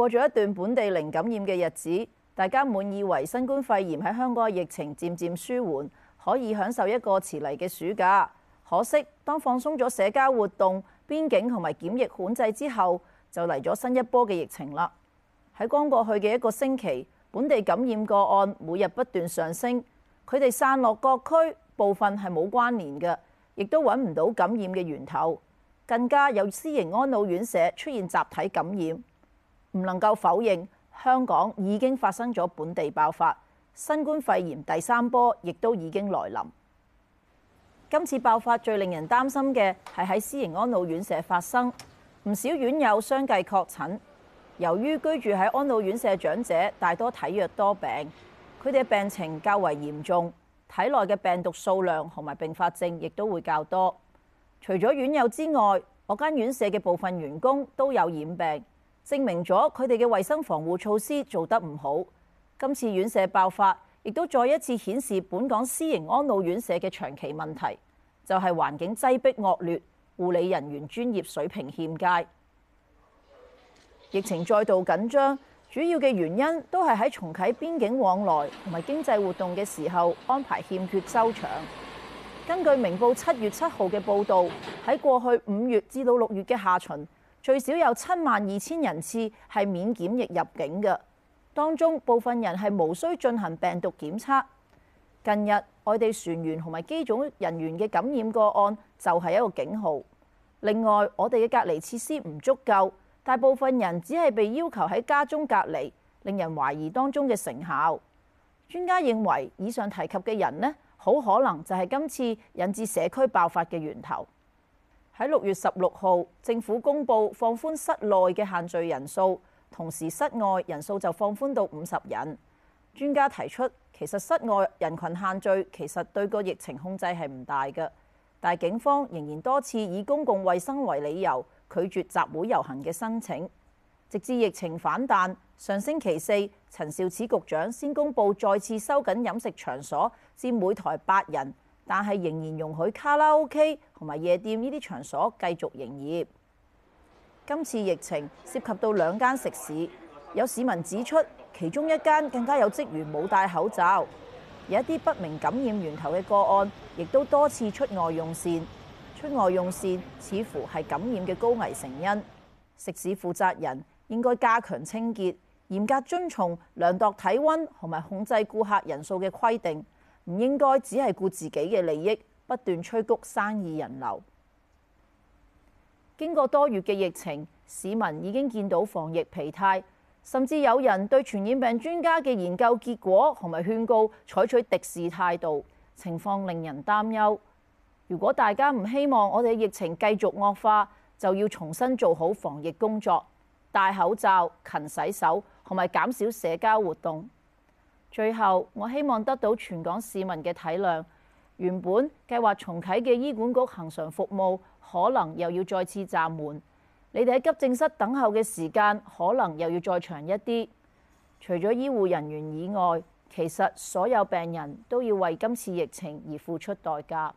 過咗一段本地零感染嘅日子，大家滿以為新冠肺炎喺香港嘅疫情漸漸舒緩，可以享受一個遲嚟嘅暑假。可惜，當放鬆咗社交活動、邊境同埋檢疫管制之後，就嚟咗新一波嘅疫情啦。喺剛過去嘅一個星期，本地感染個案每日不斷上升，佢哋散落各區，部分係冇關聯嘅，亦都揾唔到感染嘅源頭，更加有私營安老院舍出現集體感染。唔能夠否認，香港已經發生咗本地爆發新冠肺炎第三波，亦都已經來臨。今次爆發最令人擔心嘅係喺私營安老院舍發生，唔少院友相繼確診。由於居住喺安老院舍嘅長者大多體弱多病，佢哋嘅病情較為嚴重，體內嘅病毒數量同埋併發症亦都會較多。除咗院友之外，我間院舍嘅部分員工都有染病。證明咗佢哋嘅衞生防護措施做得唔好。今次院舍爆發，亦都再一次顯示本港私營安老院舍嘅長期問題，就係、是、環境擠迫惡劣、護理人員專業水平欠佳。疫情再度緊張，主要嘅原因都係喺重啟邊境往來同埋經濟活動嘅時候安排欠缺周詳。根據明報七月七號嘅報導，喺過去五月至到六月嘅下旬。最少有七萬二千人次係免檢疫入境嘅，當中部分人係無需進行病毒檢測。近日外地船員同埋機組人員嘅感染個案就係一個警號。另外，我哋嘅隔離設施唔足夠，大部分人只係被要求喺家中隔離，令人懷疑當中嘅成效。專家認為以上提及嘅人呢，好可能就係今次引致社區爆發嘅源頭。喺六月十六號，政府公布放寬室內嘅限聚人數，同時室外人數就放寬到五十人。專家提出，其實室外人群限聚其實對個疫情控制係唔大嘅，但係警方仍然多次以公共衛生為理由拒絕集會遊行嘅申請，直至疫情反彈。上星期四，陳肇始局長先公布再次收緊飲食場所至每台八人。但係仍然容許卡拉 OK 同埋夜店呢啲場所繼續營業。今次疫情涉及到兩間食肆，有市民指出其中一間更加有職員冇戴口罩，有一啲不明感染源頭嘅個案，亦都多次出外用膳。出外用膳似乎係感染嘅高危成因。食肆負責人應該加強清潔，嚴格遵從量度體温同埋控制顧客人數嘅規定。唔應該只係顧自己嘅利益，不斷催谷生意人流。經過多月嘅疫情，市民已經見到防疫疲態，甚至有人對傳染病專家嘅研究結果同埋勸告採取敵視態度，情況令人擔憂。如果大家唔希望我哋嘅疫情繼續惡化，就要重新做好防疫工作，戴口罩、勤洗手同埋減少社交活動。最後，我希望得到全港市民嘅體諒。原本計劃重啟嘅醫管局恆常服務，可能又要再次暫緩。你哋喺急症室等候嘅時間，可能又要再長一啲。除咗醫護人員以外，其實所有病人都要為今次疫情而付出代價。